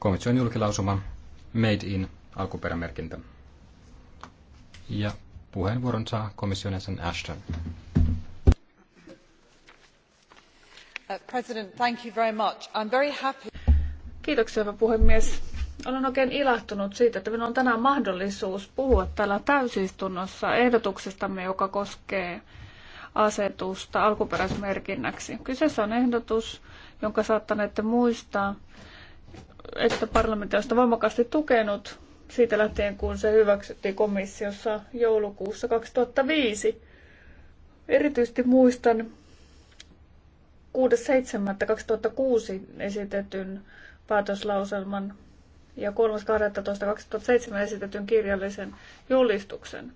komission julkilausuma Made in alkuperämerkintä. Ja puheenvuoron saa komission jäsen Ashton. Uh, President, thank you very much. I'm very happy. Kiitoksia, hyvä puhemies. Olen oikein ilahtunut siitä, että minulla on tänään mahdollisuus puhua täällä täysistunnossa ehdotuksestamme, joka koskee asetusta alkuperäismerkinnäksi. Kyseessä on ehdotus, jonka saattaneette muistaa että parlamentti on sitä voimakkaasti tukenut siitä lähtien, kun se hyväksyttiin komissiossa joulukuussa 2005. Erityisesti muistan 6.7.2006 esitetyn päätöslauselman ja 3.12.2007 esitetyn kirjallisen julistuksen.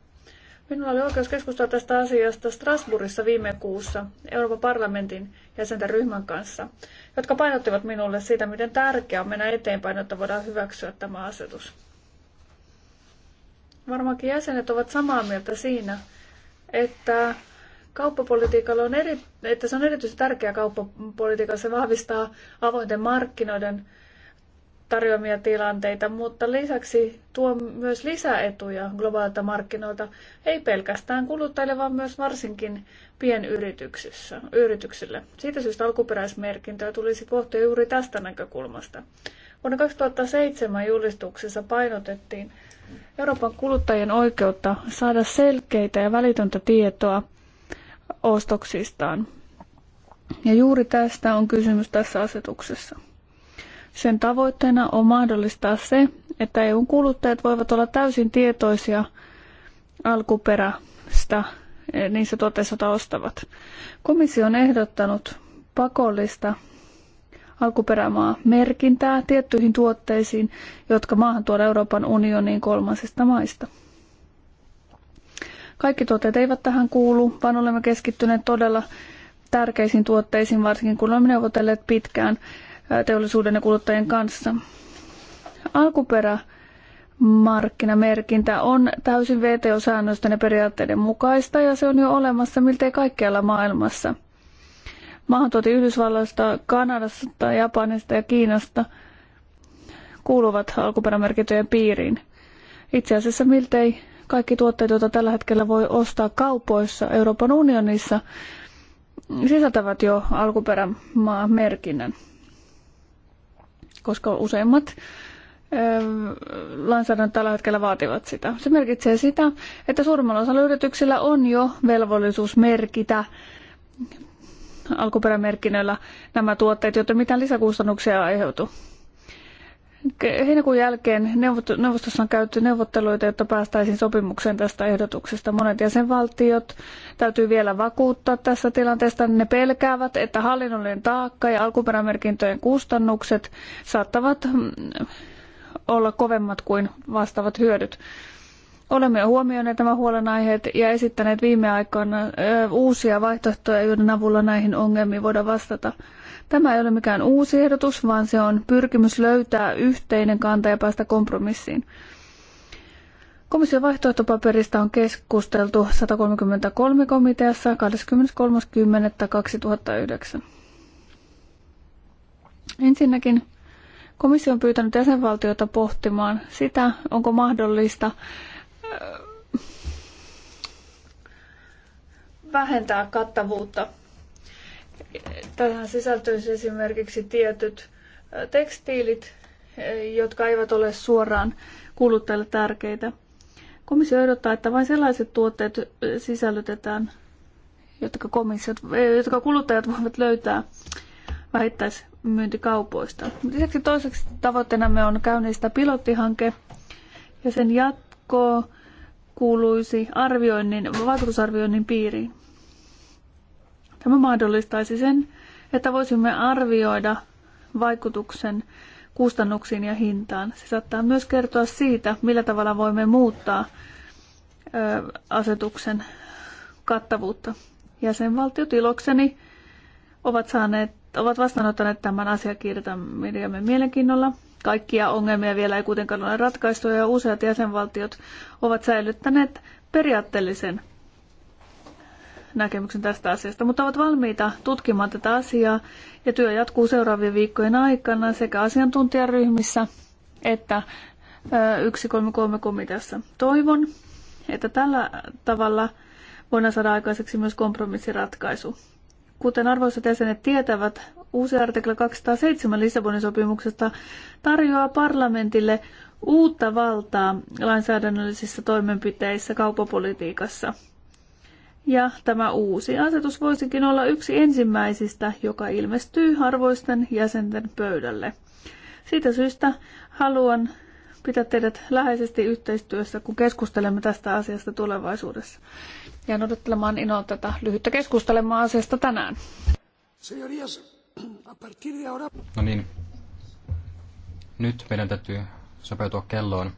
Minulla oli oikeus keskustella tästä asiasta Strasbourgissa viime kuussa Euroopan parlamentin jäsenten ryhmän kanssa, jotka painottivat minulle siitä, miten tärkeää on mennä eteenpäin, että voidaan hyväksyä tämä asetus. Varmaankin jäsenet ovat samaa mieltä siinä, että kauppapolitiikalle on eri, että se on erityisen tärkeää kauppapolitiikka se vahvistaa avointen markkinoiden tarjoamia tilanteita, mutta lisäksi tuo myös lisäetuja globaalilta markkinoilta, ei pelkästään kuluttajille, vaan myös varsinkin pienyrityksissä, yrityksille. Siitä syystä alkuperäismerkintöä tulisi pohtia juuri tästä näkökulmasta. Vuonna 2007 julistuksessa painotettiin Euroopan kuluttajien oikeutta saada selkeitä ja välitöntä tietoa ostoksistaan. Ja juuri tästä on kysymys tässä asetuksessa. Sen tavoitteena on mahdollistaa se, että EUn kuluttajat voivat olla täysin tietoisia alkuperästä eh, niissä tuotteissa, joita ostavat. Komissio on ehdottanut pakollista alkuperämaa merkintää tiettyihin tuotteisiin, jotka maahan tuodaan Euroopan unioniin kolmansista maista. Kaikki tuotteet eivät tähän kuulu, vaan olemme keskittyneet todella tärkeisiin tuotteisiin, varsinkin kun olemme neuvotelleet pitkään teollisuuden ja kuluttajien kanssa. Alkuperä markkinamerkintä on täysin VTO-säännösten ja periaatteiden mukaista ja se on jo olemassa miltei kaikkialla maailmassa. Maahan tuoti Yhdysvalloista, Kanadasta, Japanista ja Kiinasta kuuluvat alkuperämerkintöjen piiriin. Itse asiassa miltei kaikki tuotteet, joita tällä hetkellä voi ostaa kaupoissa Euroopan unionissa, sisältävät jo alkuperämaa merkinnän koska useimmat lainsäädännöt tällä hetkellä vaativat sitä. Se merkitsee sitä, että suurimmalla osalla yrityksillä on jo velvollisuus merkitä alkuperämerkinnöillä nämä tuotteet, joten mitään lisäkustannuksia ei aiheutuu. Heinäkuun jälkeen neuvostossa on käyty neuvotteluita, jotta päästäisiin sopimukseen tästä ehdotuksesta. Monet jäsenvaltiot täytyy vielä vakuuttaa tässä tilanteesta. Ne pelkäävät, että hallinnollinen taakka ja alkuperämerkintöjen kustannukset saattavat mm, olla kovemmat kuin vastaavat hyödyt. Olemme jo huomioineet nämä huolenaiheet ja esittäneet viime aikoina uusia vaihtoehtoja, joiden avulla näihin ongelmiin voidaan vastata. Tämä ei ole mikään uusi ehdotus, vaan se on pyrkimys löytää yhteinen kanta ja päästä kompromissiin. Komission vaihtoehtopaperista on keskusteltu 133 komiteassa 23.10.2009. Ensinnäkin komissio on pyytänyt jäsenvaltiota pohtimaan sitä, onko mahdollista vähentää kattavuutta Tähän sisältyisi esimerkiksi tietyt tekstiilit, jotka eivät ole suoraan kuluttajille tärkeitä. Komissio ehdottaa, että vain sellaiset tuotteet sisällytetään, jotka, komissiot, jotka kuluttajat voivat löytää vähittäismyyntikaupoista. Lisäksi toiseksi tavoitteenamme on käynnistää pilottihanke ja sen jatko kuuluisi arvioinnin, vaikutusarvioinnin piiriin. Tämä mahdollistaisi sen, että voisimme arvioida vaikutuksen kustannuksiin ja hintaan. Se saattaa myös kertoa siitä, millä tavalla voimme muuttaa asetuksen kattavuutta. Jäsenvaltiot ilokseni ovat, saaneet, ovat vastaanottaneet tämän mediamme mielenkiinnolla. Kaikkia ongelmia vielä ei kuitenkaan ole ratkaistu ja useat jäsenvaltiot ovat säilyttäneet periaatteellisen näkemyksen tästä asiasta, mutta ovat valmiita tutkimaan tätä asiaa ja työ jatkuu seuraavien viikkojen aikana sekä asiantuntijaryhmissä että 133-komiteassa. Toivon, että tällä tavalla voidaan saada aikaiseksi myös kompromissiratkaisu. Kuten arvoisat jäsenet tietävät, uusi artikla 207 Lissabonin sopimuksesta tarjoaa parlamentille uutta valtaa lainsäädännöllisissä toimenpiteissä kaupapolitiikassa – ja tämä uusi asetus voisikin olla yksi ensimmäisistä, joka ilmestyy arvoisten jäsenten pöydälle. Siitä syystä haluan pitää teidät läheisesti yhteistyössä, kun keskustelemme tästä asiasta tulevaisuudessa. ja odottelemaan inoa tätä lyhyttä keskustelemaa asiasta tänään. No niin. Nyt meidän täytyy sopeutua kelloon,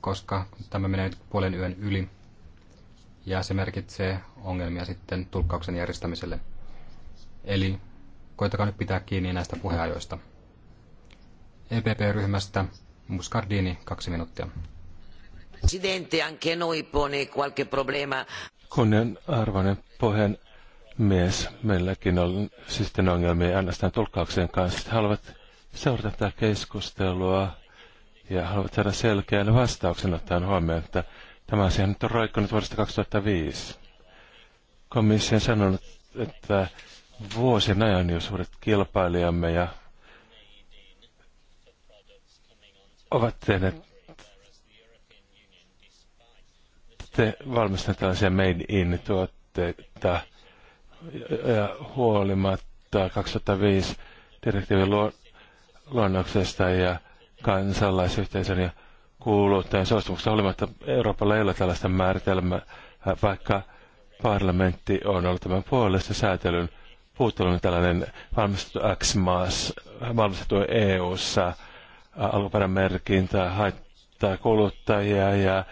koska tämä menee nyt puolen yön yli ja se merkitsee ongelmia sitten tulkkauksen järjestämiselle. Eli koitakaa nyt pitää kiinni näistä puheajoista. EPP-ryhmästä Muscardini, kaksi minuuttia. Presidente, anche noi pone qualche problema. Kunnen arvoinen puheen mies. Meilläkin on siis sitten ongelmia äänestään tulkkauksen kanssa. Haluat seurata tätä keskustelua ja haluat saada selkeän vastauksen ottaen huomioon, että Tämä asia nyt on roikkunut vuodesta 2005. Komissio on sanonut, että vuosien ajan jo suuret kilpailijamme ja ovat tehneet te valmistaneet tällaisia made in tuotteita ja huolimatta 2005 direktiivin luonnoksesta ja kansalaisyhteisön ja kuuluu tähän suostumuksesta olematta Euroopalla ei ole tällaista määritelmää, vaikka parlamentti on ollut tämän puolesta säätelyn puuttelun tällainen valmistettu X-maas, valmistettu EU-ssa, merkintä, haittaa kuluttajia ja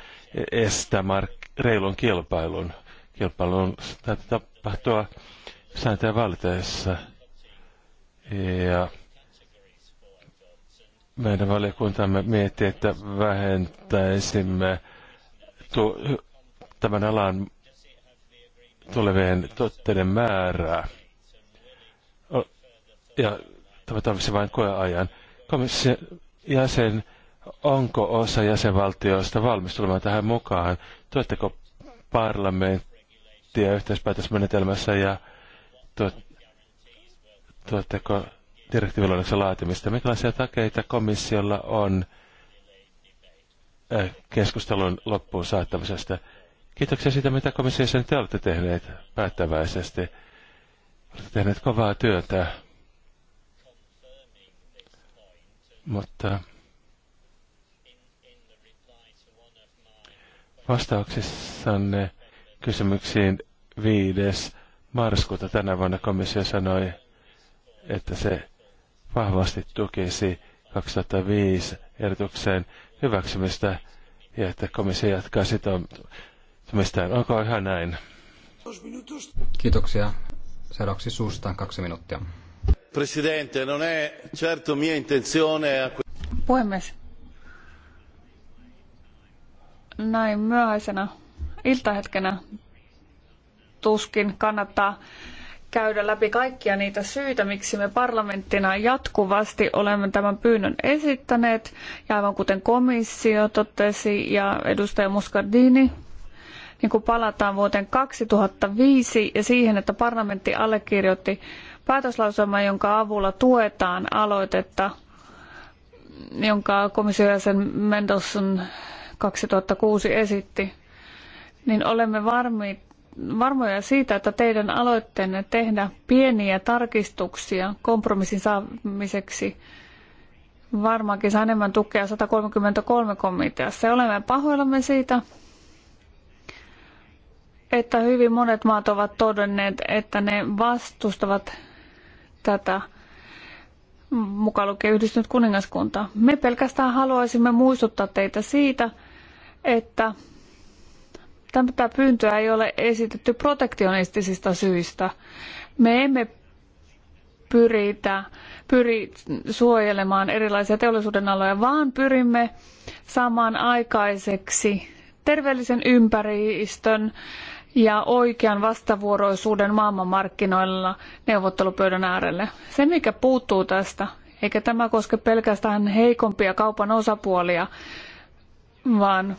estää mark- reilun kilpailun. Kilpailun täytyy tapahtua sääntöjen valiteessa. Ja meidän valiokuntamme mietti, että vähentäisimme tu- tämän alan tulevien tuotteiden määrää. Ja tämä tarvitsisi vain koeajan. Komission jäsen, onko osa jäsenvaltioista valmistelemaan tähän mukaan? Tuetteko parlamenttia yhteispäätösmenetelmässä ja tuotteko direktiiviluonnoksen laatimista. Minkälaisia takeita komissiolla on eh, keskustelun loppuun saattamisesta? Kiitoksia siitä, mitä komissiossa te olette tehneet päättäväisesti. Olette tehneet kovaa työtä. Mutta vastauksissanne kysymyksiin 5. marskuuta tänä vuonna komissio sanoi, että se vahvasti tukisi 2005 ehdotukseen hyväksymistä ja että komissio jatkaa sitoutumistaan. Onko ihan näin? Kiitoksia. Seuraavaksi suustaan kaksi minuuttia. Presidente, non è certo mia intenzione a... Puhemies. Näin myöhäisenä iltahetkenä tuskin kannattaa käydä läpi kaikkia niitä syitä, miksi me parlamenttina jatkuvasti olemme tämän pyynnön esittäneet. Ja aivan kuten komissio totesi ja edustaja Muscardini, niin kun palataan vuoteen 2005 ja siihen, että parlamentti allekirjoitti päätöslauselman, jonka avulla tuetaan aloitetta, jonka komissiojäsen Mendelssohn 2006 esitti, niin olemme varmiit varmoja siitä, että teidän aloitteenne tehdä pieniä tarkistuksia kompromissin saamiseksi varmaankin saa enemmän tukea 133 komiteassa. Ja olemme pahoillamme siitä, että hyvin monet maat ovat todenneet, että ne vastustavat tätä mukaan lukien yhdistynyt kuningaskunta. Me pelkästään haluaisimme muistuttaa teitä siitä, että Tätä pyyntöä ei ole esitetty protektionistisista syistä. Me emme pyritä, pyri suojelemaan erilaisia teollisuuden aloja, vaan pyrimme saamaan aikaiseksi terveellisen ympäristön ja oikean vastavuoroisuuden maailmanmarkkinoilla neuvottelupöydän äärelle. Se, mikä puuttuu tästä, eikä tämä koske pelkästään heikompia kaupan osapuolia, vaan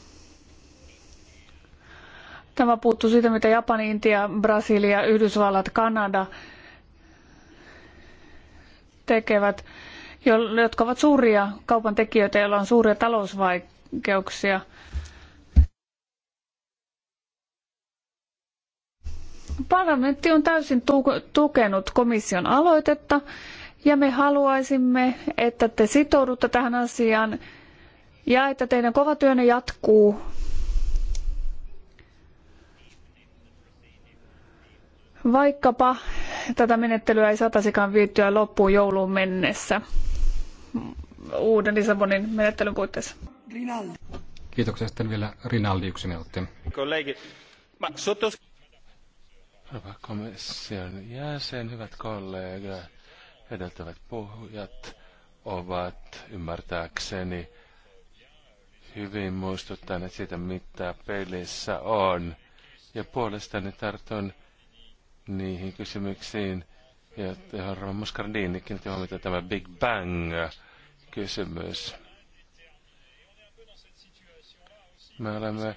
Tämä puuttuu siitä, mitä Japani, Intia, Brasilia, Yhdysvallat, Kanada tekevät, jotka ovat suuria kaupan tekijöitä, joilla on suuria talousvaikeuksia. Parlamentti on täysin tukenut komission aloitetta ja me haluaisimme, että te sitoudutte tähän asiaan ja että teidän kova työnne jatkuu Vaikkapa tätä menettelyä ei satasikaan viittyä loppuun jouluun mennessä uuden Lissabonin menettelyn puitteissa. Rinaldi. Kiitoksia sitten vielä Rinaldi yksi minuutti. Kollegi, ma sottos... Hyvä komission jäsen, hyvät kollegat, edeltävät puhujat ovat ymmärtääkseni hyvin muistuttaneet siitä, mitä pelissä on. Ja puolestani tartun niihin kysymyksiin, ja Rova Muscardini kiinnitti huomiota tämä Big Bang-kysymys. Me olemme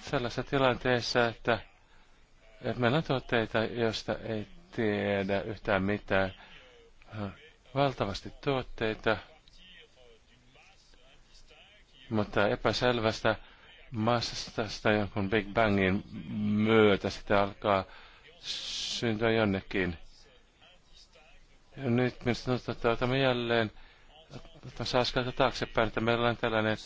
sellaisessa tilanteessa, että, että meillä on tuotteita, joista ei tiedä yhtään mitään. Valtavasti tuotteita, mutta epäselvästä massasta jonkun Big Bangin myötä sitä alkaa syntyä jonnekin. Ja nyt minusta tuntuu, että otamme jälleen saa askelta taaksepäin, että meillä on tällainen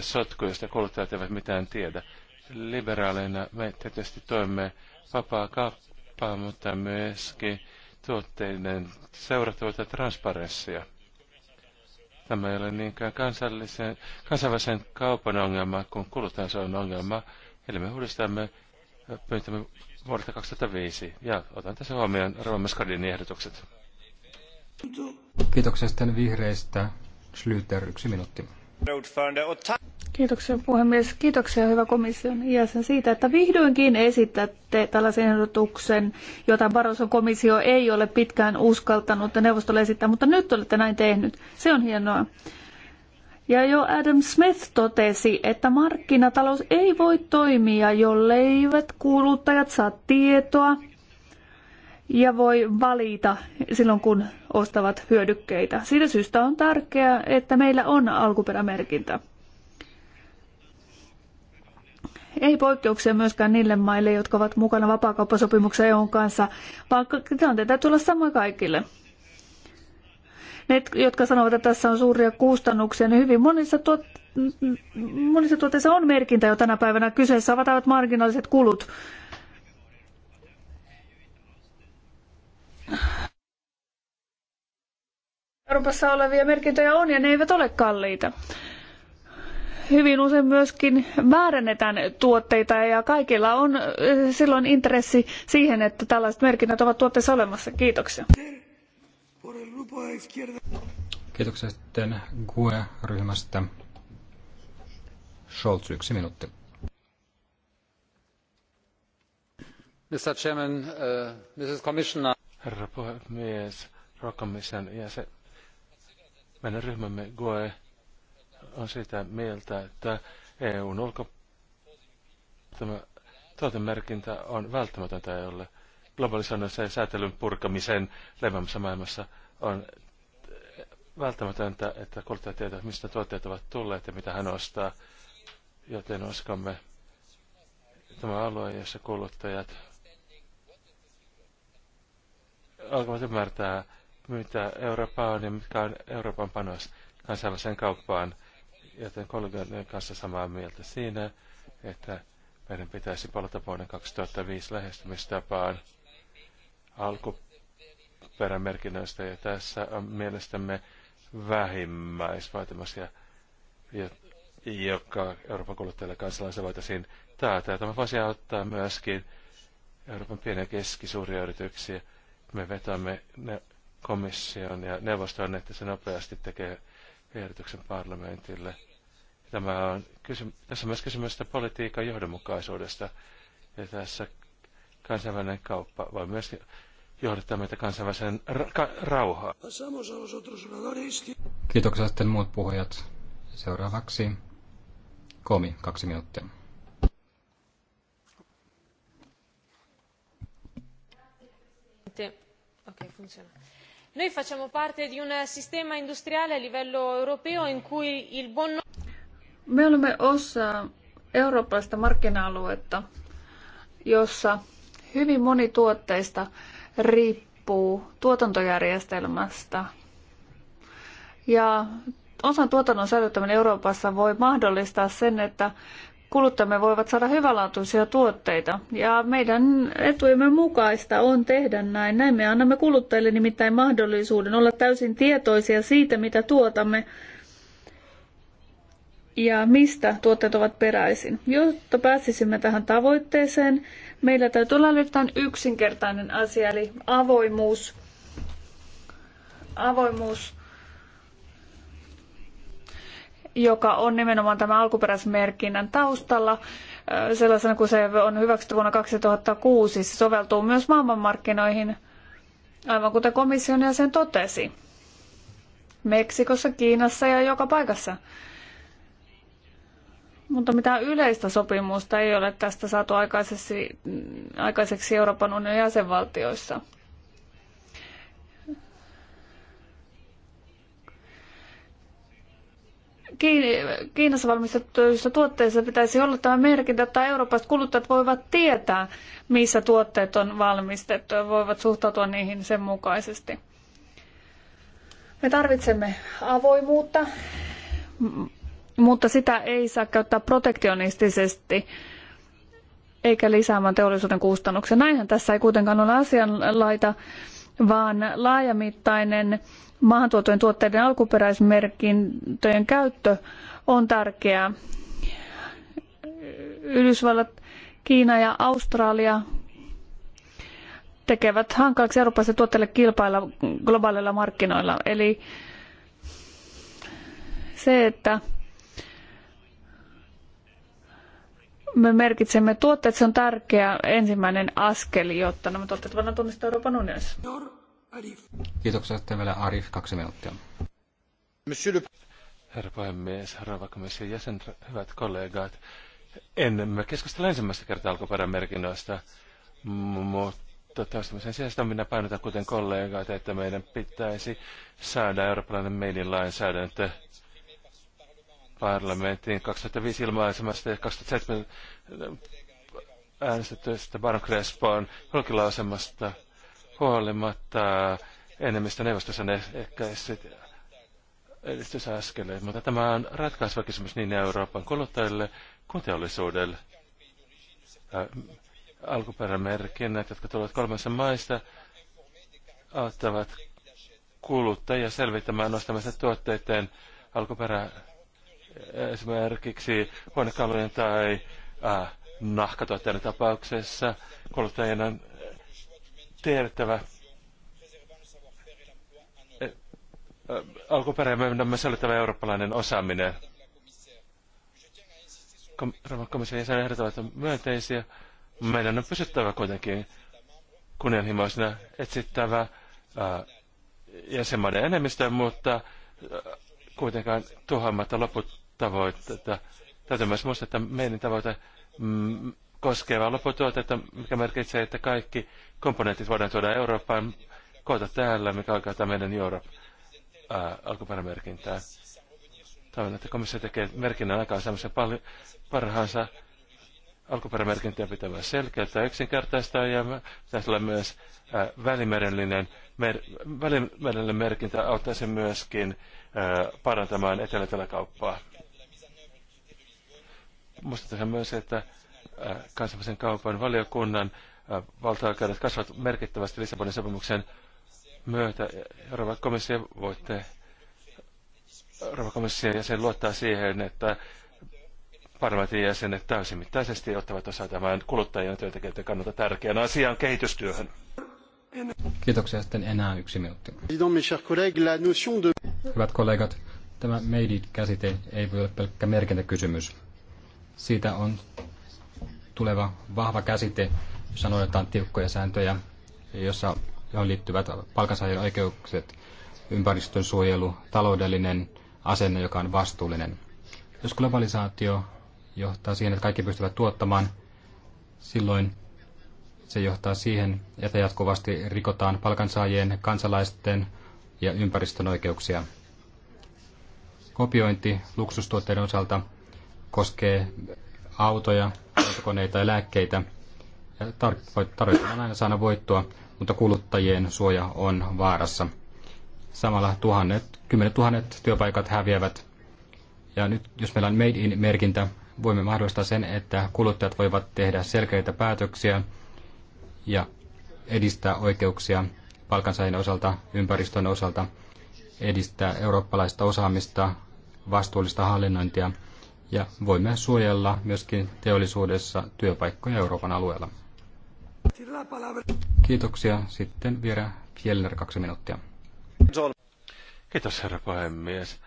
sotku, josta kuluttajat eivät mitään tiedä. Liberaaleina me tietysti toimme vapaa kauppaa, mutta myöskin tuotteiden seurattavuutta transparenssia. Tämä ei ole niinkään kansallisen, kansainvälisen kaupan ongelma kun se on ongelma. Eli me uudistamme Pöytämme vuodesta 2005. Ja otan tässä huomioon Rova ehdotukset. Kiitoksia sitten vihreistä. Schlüter, yksi minuutti. Kiitoksia puhemies. Kiitoksia hyvä komission jäsen siitä, että vihdoinkin esitätte tällaisen ehdotuksen, jota Barroson komissio ei ole pitkään uskaltanut neuvostolle esittää, mutta nyt olette näin tehnyt. Se on hienoa. Ja jo Adam Smith totesi, että markkinatalous ei voi toimia, jolleivät kuluttajat saa tietoa ja voi valita silloin, kun ostavat hyödykkeitä. Siitä syystä on tärkeää, että meillä on alkuperämerkintä. Ei poikkeuksia myöskään niille maille, jotka ovat mukana vapaakauppasopimuksen EUn kanssa, vaan tilanteet täytyy olla sama kaikille ne, jotka sanovat, että tässä on suuria kustannuksia, niin hyvin monissa, tuot, monissa tuotteissa on merkintä jo tänä päivänä. Kyseessä ovat aivan marginaaliset kulut. Euroopassa olevia merkintöjä on ja ne eivät ole kalliita. Hyvin usein myöskin väärennetään tuotteita ja kaikilla on eh, silloin intressi siihen, että tällaiset merkinnät ovat tuotteessa olemassa. Kiitoksia. Kiitoksia sitten GUE-ryhmästä. Scholz, yksi minuutti. Mr. Chairman, uh, Mrs. Commissioner. Herra puhemies, rokomisen ja se meidän ryhmämme GUE on sitä mieltä, että EUn ulko tämä tuotemerkintä on välttämätöntä EUlle globalisoinnissa ja säätelyn purkamisen levämässä maailmassa on välttämätöntä, että kuluttaja tietää, mistä tuotteet ovat tulleet ja mitä hän ostaa, joten uskomme tämä alue, jossa kuluttajat alkavat ymmärtää, mitä Eurooppa on ja mitkä on Euroopan panos kansainväliseen kauppaan, joten kollegoiden kanssa samaa mieltä siinä, että meidän pitäisi palata vuoden 2005 lähestymistapaan alkuperämerkinnöistä ja tässä on mielestämme vähimmäisvaatimuksia, joka Euroopan kuluttajille kansalaisille voitaisiin taata. Tämä voisi auttaa myöskin Euroopan pieniä ja keskisuuria yrityksiä. Me vetämme ne komission ja neuvoston, että se nopeasti tekee ehdotuksen parlamentille. Tämä on kysy- tässä on myös kysymys politiikan johdonmukaisuudesta. Ja tässä kansainvälinen kauppa voi myös johdattaa meitä kansainväliseen ra- rauhaan. Kiitoksia sitten muut puhujat. Seuraavaksi Komi, kaksi minuuttia. Okay, funziona. Noi facciamo parte di un sistema industriale a livello europeo in cui il buon... No- Me olemme osa Euroopasta markkina-aluetta, jossa Hyvin moni tuotteista riippuu tuotantojärjestelmästä. Ja osan tuotannon säilyttäminen Euroopassa voi mahdollistaa sen, että kuluttajamme voivat saada hyvälaatuisia tuotteita. Ja meidän etujemme mukaista on tehdä näin. Näin me annamme kuluttajille nimittäin mahdollisuuden olla täysin tietoisia siitä, mitä tuotamme ja mistä tuotteet ovat peräisin. Jotta pääsisimme tähän tavoitteeseen, meillä täytyy olla yhtään yksinkertainen asia, eli avoimuus. Avoimuus, joka on nimenomaan tämä alkuperäismerkinnän taustalla sellaisena kuin se on hyväksytty vuonna 2006. Se soveltuu myös maailmanmarkkinoihin, aivan kuten komission jäsen totesi. Meksikossa, Kiinassa ja joka paikassa. Mutta mitään yleistä sopimusta ei ole tästä saatu aikaiseksi, aikaiseksi Euroopan unionin jäsenvaltioissa. Kiinassa valmistetuissa tuotteissa pitäisi olla tämä merkintä, että Euroopasta kuluttajat voivat tietää, missä tuotteet on valmistettu ja voivat suhtautua niihin sen mukaisesti. Me tarvitsemme avoimuutta mutta sitä ei saa käyttää protektionistisesti eikä lisäämään teollisuuden kustannuksia. Näinhän tässä ei kuitenkaan ole asianlaita, vaan laajamittainen maahantuotujen tuotteiden alkuperäismerkintöjen käyttö on tärkeää. Yhdysvallat, Kiina ja Australia tekevät hankalaksi eurooppalaisille tuotteille kilpailla globaaleilla markkinoilla. Eli se, että me merkitsemme tuotteet, se on tärkeä ensimmäinen askel, jotta nämä tuotteet voidaan tunnistaa Euroopan unionissa. Kiitoksia. Sitten vielä Arif, kaksi minuuttia. Herra puhemies, herra komission jäsen, hyvät kollegat. En mä keskustella ensimmäistä kertaa alkuperämerkinnöistä, mutta toistamisen sijasta minä painotan kuten kollegat, että meidän pitäisi saada eurooppalainen meidän lainsäädäntö parlamentin 2005 ilmaisemasta ja 2007 äänestetystä Baron Crespon julkilausemasta huolimatta enemmistö neuvostossa ne ehkä edistysaskeleet, mutta tämä on ratkaisuva kysymys niin Euroopan kuluttajille kuin teollisuudelle. Alkuperämerkinnät, jotka tulevat kolmessa maista, auttavat kuluttajia selvittämään nostamista tuotteiden alkuperää esimerkiksi huonekalujen tai äh, nahkatuotteiden tapauksessa kuluttajien on tiedettävä alkuperäinen on tämä eurooppalainen osaaminen. Rauhan komission jäsen ehdotavat myönteisiä. Meidän on pysyttävä kuitenkin kunnianhimoisena etsittävä äh, jäsenmaiden enemmistö, mutta äh, kuitenkaan tuhoamatta loput tavoitetta. Täytyy myös muistaa, että meidän tavoite mm, koskee vain lopputuotetta, mikä merkitsee, että kaikki komponentit voidaan tuoda Eurooppaan, koota täällä, mikä oikeuttaa meidän Europe alkuperämerkintää. Toivon, että komissio tekee merkinnän aikaansaamisen paljon parhaansa alkuperämerkintöjä pitämään selkeyttä yksinkertaista ja pitäisi olla myös välimerellinen mer, välimerellinen merkintä auttaisi myöskin ää, parantamaan etelä kauppaa. Muistetaan myös, että äh, kansainvälisen kaupan valiokunnan äh, valtaoikeudet kasvavat merkittävästi Lissabonin sopimuksen myötä. Euroopan komissio voitte Euroopan komission jäsen luottaa siihen, että parlamentin jäsenet täysimittaisesti ottavat osaa tämän kuluttajien ja työntekijöiden kannalta tärkeän asian kehitystyöhön. Kiitoksia. Sitten enää yksi minuutti. Hyvät kollegat, tämä made-it-käsite ei voi olla pelkkä merkintäkysymys. Siitä on tuleva vahva käsite, jossa noudatetaan tiukkoja sääntöjä, jossa on liittyvät palkansaajien oikeukset, ympäristön suojelu, taloudellinen asenne, joka on vastuullinen. Jos globalisaatio johtaa siihen, että kaikki pystyvät tuottamaan, silloin se johtaa siihen, että jatkuvasti rikotaan palkansaajien, kansalaisten ja ympäristön oikeuksia. Kopiointi luksustuotteiden osalta koskee autoja, koneita ja lääkkeitä. Ja tar- tarvitaan aina saada voittoa, mutta kuluttajien suoja on vaarassa. Samalla tuhannet, kymmenet tuhannet työpaikat häviävät. Ja nyt jos meillä on Made in-merkintä, voimme mahdollistaa sen, että kuluttajat voivat tehdä selkeitä päätöksiä ja edistää oikeuksia palkansaajien osalta, ympäristön osalta, edistää eurooppalaista osaamista, vastuullista hallinnointia – ja voimme suojella myöskin teollisuudessa työpaikkoja Euroopan alueella. Kiitoksia. Sitten vielä Fjellner kaksi minuuttia. Kiitos herra puhemies.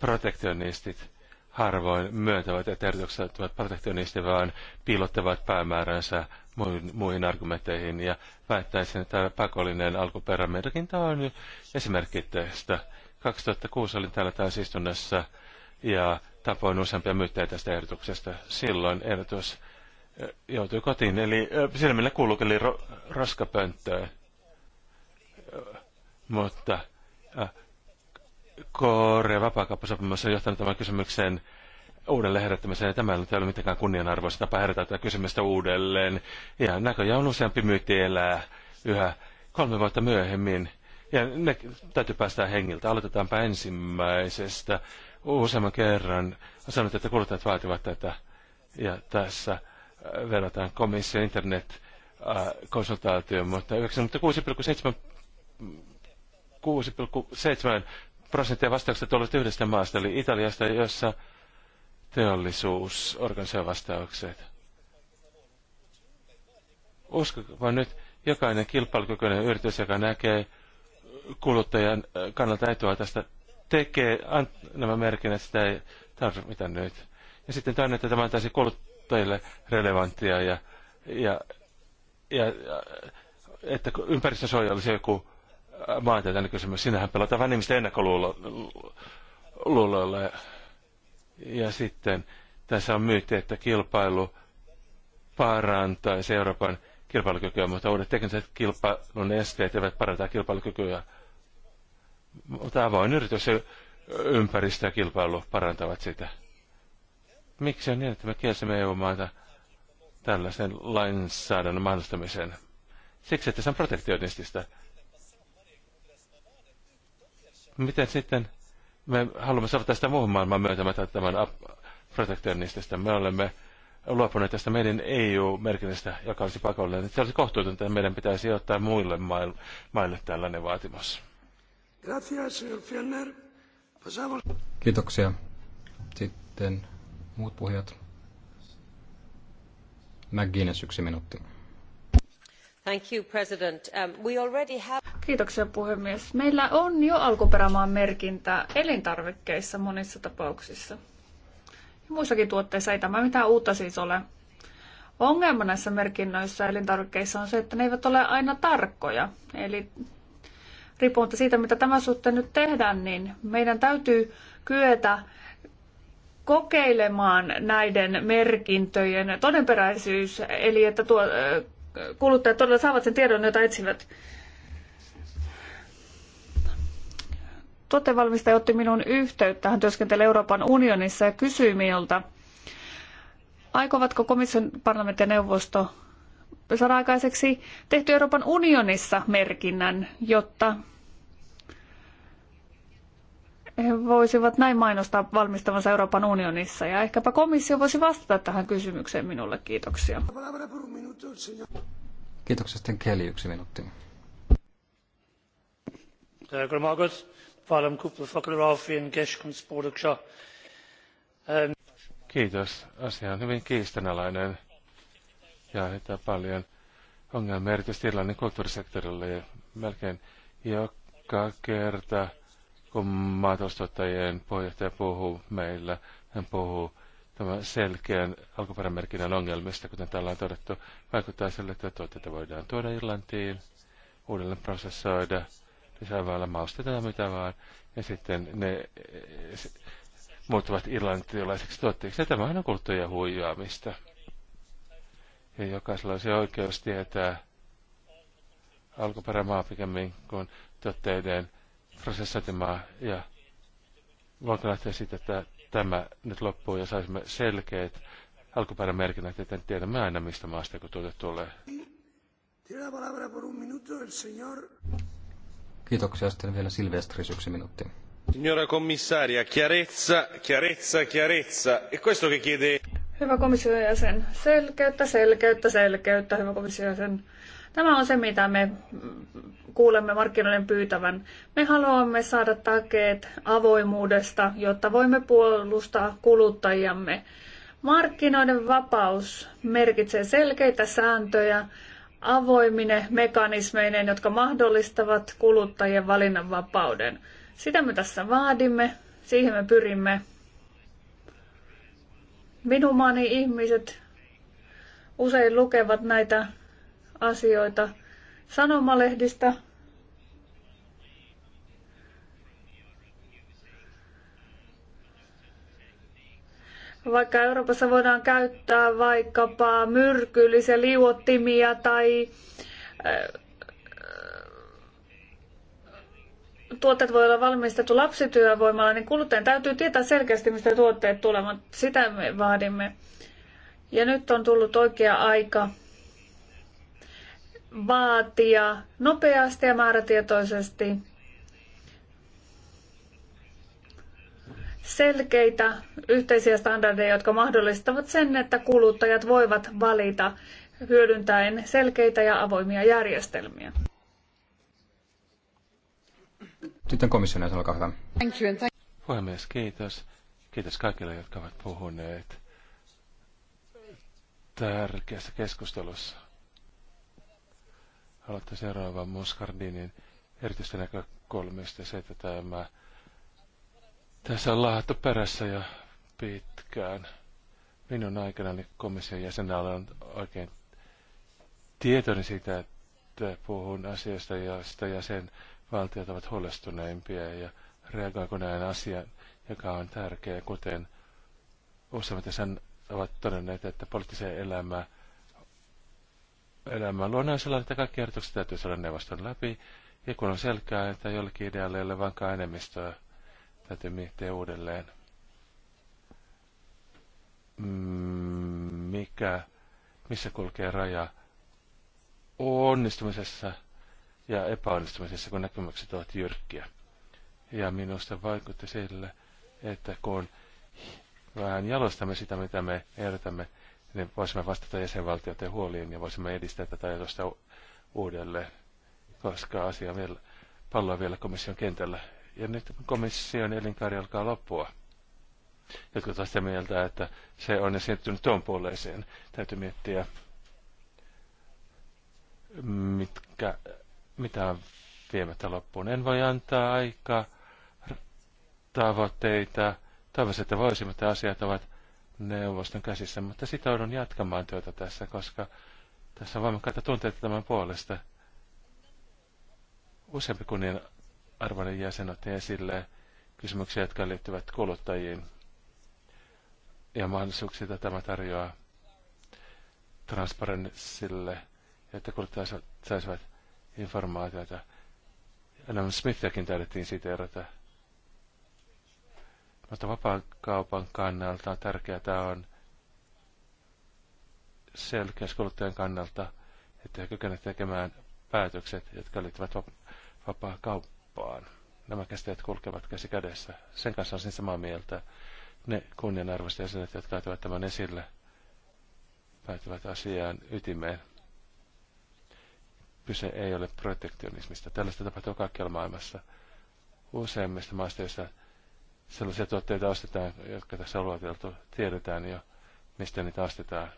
Protektionistit harvoin myöntävät, ja tervetuksettavat ovat protektionisti, vaan piilottavat päämääränsä muihin, muihin argumentteihin ja väittäisin, että pakollinen alkuperämerkintä on esimerkki tästä. 2006 olin täällä taas istunnassa ja tapoin useampia myyttejä tästä ehdotuksesta. Silloin ehdotus joutui kotiin, eli silmillä kuulukeli ro, roskapönttöön. Mutta Korea vapaakauppasopimus on johtanut tämän kysymyksen uudelleen herättämiseen, ja tämä ei ole mitenkään kunnianarvoista tapa herätä tätä kysymystä uudelleen. Ja näköjään on useampi myytti elää yhä kolme vuotta myöhemmin. Ja ne täytyy päästä hengiltä. Aloitetaanpa ensimmäisestä useamman kerran sanonut, että kuluttajat vaativat tätä. Ja tässä äh, verrataan komission internet-konsultaatioon, mutta 96,7 prosenttia vastauksista tulivat yhdestä maasta, eli Italiasta, jossa teollisuus organisoi vastaukset. Uskokaa nyt, jokainen kilpailukykyinen yritys, joka näkee kuluttajan äh, kannalta etua tästä tekee an, nämä merkinnät, sitä ei mitä nyt. Ja sitten tänne, että tämä antaisi kuluttajille relevanttia ja, ja, ja, ja että ympäristösuoja olisi joku äh, maantieteellinen kysymys. Sinähän pelataan vähän ihmisten ennakkoluuloilla. Ja, ja sitten tässä on myytti, että kilpailu parantaisi Euroopan kilpailukykyä, mutta uudet tekniset kilpailun esteet eivät parantaa kilpailukykyä mutta avoin yritys ja ympäristö ja kilpailu parantavat sitä. Miksi on niin, että me kielsimme EU-maita tällaisen lainsäädännön mahdollistamisen? Siksi, että se on protektionistista. Miten sitten me haluamme saavuttaa tästä muuhun maailmaan myöntämättä tämän protektionistista? Me olemme luopuneet tästä meidän EU-merkinnästä, joka olisi pakollinen. Se olisi kohtuutonta, että meidän pitäisi ottaa muille maille tällainen vaatimus. Kiitoksia. Sitten muut puhujat. McGuinness, yksi minuutti. Um, Kiitoksia puhemies. Meillä on jo alkuperämaan merkintä elintarvikkeissa monissa tapauksissa. Ja muissakin tuotteissa ei tämä mitään uutta siis ole. Ongelma näissä merkinnöissä elintarvikkeissa on se, että ne eivät ole aina tarkkoja. Eli riippumatta siitä, mitä tämä suhteen nyt tehdään, niin meidän täytyy kyetä kokeilemaan näiden merkintöjen todenperäisyys, eli että tuo, kuluttajat todella saavat sen tiedon, jota etsivät. Tuotevalmistaja otti minun yhteyttä, hän työskentelee Euroopan unionissa ja kysyi minulta, aikovatko komission parlamentti ja neuvosto saada tehty Euroopan unionissa merkinnän, jotta he voisivat näin mainostaa valmistavansa Euroopan unionissa. Ja ehkäpä komissio voisi vastata tähän kysymykseen minulle. Kiitoksia. Kiitoksia sitten Kelly, yksi minuutti. Kiitos. Asia on hyvin kiistanalainen ja aiheuttaa paljon ongelmia erityisesti Irlannin kulttuurisektorilla ja melkein joka kerta kun maataloustuottajien puheenjohtaja puhuu meillä, hän puhuu tämän selkeän alkuperämerkinnän ongelmista, kuten täällä on todettu, vaikuttaa sille, että tuotteita voidaan tuoda Irlantiin, uudelleen prosessoida, lisäävällä mausteita ja mitä vaan, ja sitten ne muuttuvat irlantilaiseksi tuotteiksi. Ja tämähän on kuluttajien huijaamista ja niin, jokaisella olisi oikeus tietää alkuperämaa pikemmin kuin tuotteiden prosessointimaa. Ja voinko lähteä siitä, että tämä nyt loppuu ja saisimme selkeät alkuperämerkinnät, että tiedämme aina mistä maasta kun tuote tulee. Kiitoksia. Sitten vielä Silvestris yksi minuutti. Signora commissaria, chiarezza, chiarezza, chiarezza. E questo che chiede... Hyvä komission jäsen, selkeyttä, selkeyttä, selkeyttä, hyvä komission jäsen. Tämä on se, mitä me kuulemme markkinoiden pyytävän. Me haluamme saada takeet avoimuudesta, jotta voimme puolustaa kuluttajiamme. Markkinoiden vapaus merkitsee selkeitä sääntöjä avoimine mekanismeineen, jotka mahdollistavat kuluttajien valinnanvapauden. Sitä me tässä vaadimme, siihen me pyrimme Minun maani ihmiset usein lukevat näitä asioita sanomalehdistä. Vaikka Euroopassa voidaan käyttää vaikkapa myrkyllisiä liuottimia tai äh, tuotteet voi olla valmistettu lapsityövoimalla, niin kuluttajan täytyy tietää selkeästi, mistä tuotteet tulevat. Sitä me vaadimme. Ja nyt on tullut oikea aika vaatia nopeasti ja määrätietoisesti selkeitä yhteisiä standardeja, jotka mahdollistavat sen, että kuluttajat voivat valita hyödyntäen selkeitä ja avoimia järjestelmiä. Sitten komission jäsen, olkaa hyvä. Thank you and thank... Puhemies, kiitos. Kiitos kaikille, jotka ovat puhuneet tärkeässä keskustelussa. Haluatte seuraavan Moskardinin erityistä näkökulmista se, että tämä, tässä on laahattu perässä ja pitkään. Minun aikanani komission jäsenä olen oikein tietoinen siitä, että puhun asiasta, sitä jäsen valtiot ovat huolestuneimpia ja reagoiko näin asia, joka on tärkeä, kuten useimmat sen ovat todenneet, että poliittiseen elämään elämä sellainen, että kaikki ehdotukset täytyy saada neuvoston läpi, ja kun on selkää, että jollekin idealle ei ole vankaa enemmistöä, täytyy miettiä uudelleen. Mm, mikä, missä kulkee raja onnistumisessa – ja epäonnistumisessa, kun näkymykset ovat jyrkkiä. Ja minusta vaikutti sille, että kun vähän jalostamme sitä, mitä me ehdotamme, niin voisimme vastata jäsenvaltioiden huoliin ja voisimme edistää tätä ajatusta uudelleen, koska asia vielä, palloa vielä komission kentällä. Ja nyt komission elinkaari alkaa loppua. Jotkut ovat sitä mieltä, että se on esiintynyt tuon puoleeseen. Täytyy miettiä, mitkä mitään viemättä loppuun. En voi antaa aikaa, tavoitteita. Toivoisin, että voisimme, että asiat ovat neuvoston käsissä, mutta sitä sitoudun jatkamaan työtä tässä, koska tässä on voimakkaita tunteita tämän puolesta. Useampi kunnian arvoinen jäsen otti esille kysymyksiä, jotka liittyvät kuluttajiin ja mahdollisuuksia, että tämä tarjoaa transparenssille, että kuluttajat saisivat informaatiota. Adam Smithiäkin taidettiin siteerata. Mutta kaupan kannalta on tärkeää että on selkeästi kuluttajan kannalta, että he kykenevät tekemään päätökset, jotka liittyvät kauppaan. Nämä käsitteet kulkevat käsi kädessä. Sen kanssa olisin samaa mieltä. Ne kunnianarvoiset jäsenet, jotka ottavat tämän esille, päätyvät asiaan ytimeen kyse ei ole protektionismista. Tällaista tapahtuu kaikkialla maailmassa. Useimmista maista, joissa sellaisia tuotteita ostetaan, jotka tässä on luoteltu, tiedetään jo, mistä niitä ostetaan.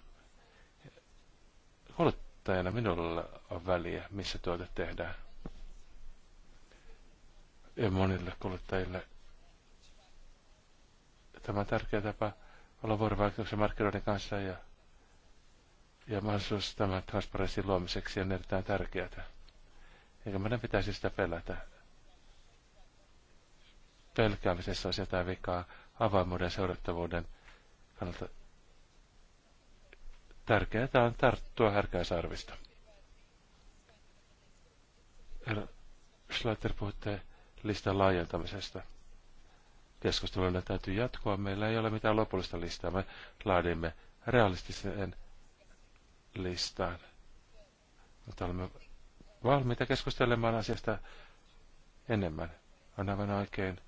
Kuluttajana minulla on väliä, missä tuote tehdään. Ja monille kuluttajille tämä on tärkeä tapa olla vuorovaikutuksen markkinoiden kanssa ja ja mahdollisuus tämän transparenssin luomiseksi on erittäin tärkeää. Eikä meidän pitäisi sitä pelätä. Pelkäämisessä on jotain vikaa avaimuuden ja seurattavuuden kannalta. Tärkeää on tarttua härkää sarvista. Schlatter, puhutte listan laajentamisesta. Keskustelun täytyy jatkoa Meillä ei ole mitään lopullista listaa. Me laadimme realistisen listaan. Mutta olemme valmiita keskustelemaan asiasta enemmän. On aivan oikein,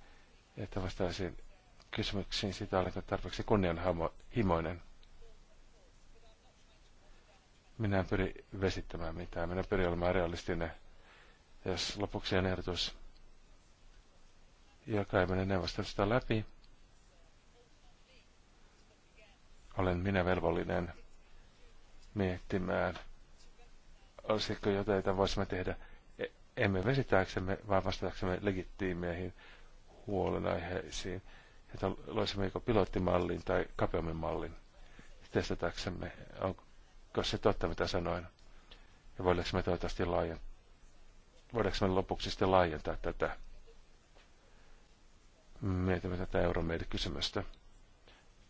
että vastaisin kysymyksiin siitä, olenko tarpeeksi kunnianhimoinen. Minä en pyri vesittämään mitään, minä pyrin olemaan realistinen. Jos lopuksi on ehdotus, joka ei mene neuvostosta läpi, olen minä velvollinen – miettimään, olisiko jotain, jota voisimme tehdä e, emme vesitääksemme, vaan vastataksemme legittiimeihin huolenaiheisiin, että loisimme joko pilottimallin tai kapeammin mallin testataksemme, onko se totta, mitä sanoin, ja voidaanko me toivottavasti laajentaa, voidaanko me lopuksi sitten laajentaa tätä, mietimme tätä euromeidikysymystä.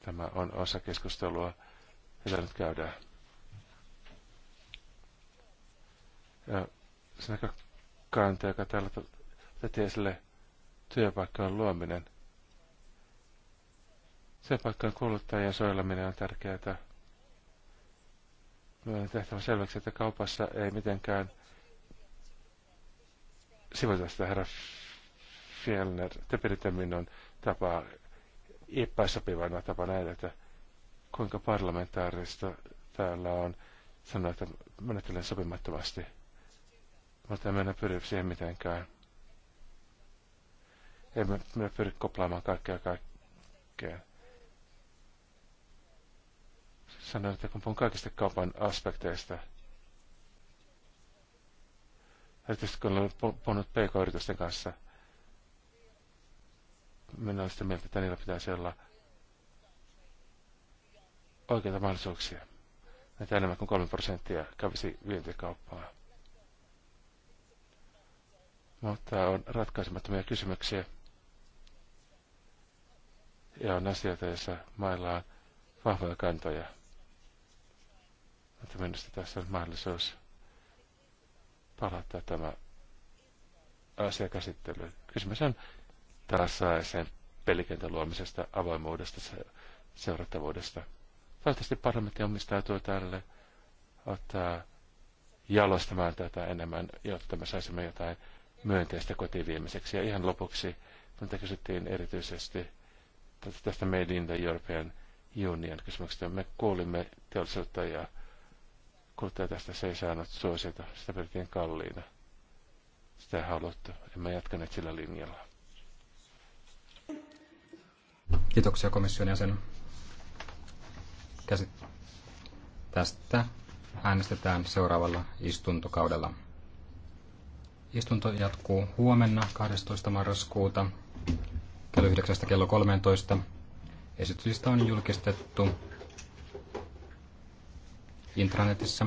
Tämä on osa keskustelua, jota nyt käydään. Ja se näkökanta, joka täällä otettiin esille, työpaikkojen luominen. Työpaikkojen kuluttajien suojeleminen on tärkeää. Meidän on tehtävä selväksi, että kaupassa ei mitenkään sivuta sitä herra Fjellner, te piditte minun tapaa epäsopivana näitä, että kuinka parlamentaarista täällä on sanoa, että menettelen sopimattomasti. Mutta minä pyri siihen mitenkään. En minä pyri koplaamaan kaikkea kaikkea. Sanoin, että kun puhun kaikista kaupan aspekteista, erityisesti kun olen puhunut pk-yritysten kanssa, minä olen sitä mieltä, että niillä pitäisi olla oikeita mahdollisuuksia. Näitä enemmän kuin 3 prosenttia kävisi vientikauppaa. Mutta no, on ratkaisemattomia kysymyksiä. Ja on asioita, joissa mailla on vahvoja kantoja. Mutta minusta tässä on mahdollisuus palata tämä asiakäsittely. Kysymys on tasaisen pelikentän luomisesta, avoimuudesta, seurattavuudesta. Toivottavasti parlamentti omistautuu tälle, ottaa jalostamaan tätä enemmän, jotta me saisimme jotain myönteistä kotiin viemiseksi. Ja ihan lopuksi, mitä kysyttiin erityisesti tästä Made in the European Union kysymyksestä. Me kuulimme teollisuutta ja kuluttaja tästä se ei saanut suosiota. Sitä pidettiin kalliina. Sitä ei haluttu. Emme jatkaneet sillä linjalla. Kiitoksia komission jäsen. Käsit- tästä äänestetään seuraavalla istuntokaudella. Istunto jatkuu huomenna 12. marraskuuta kello 9 kello 13. Esityslista on julkistettu intranetissä.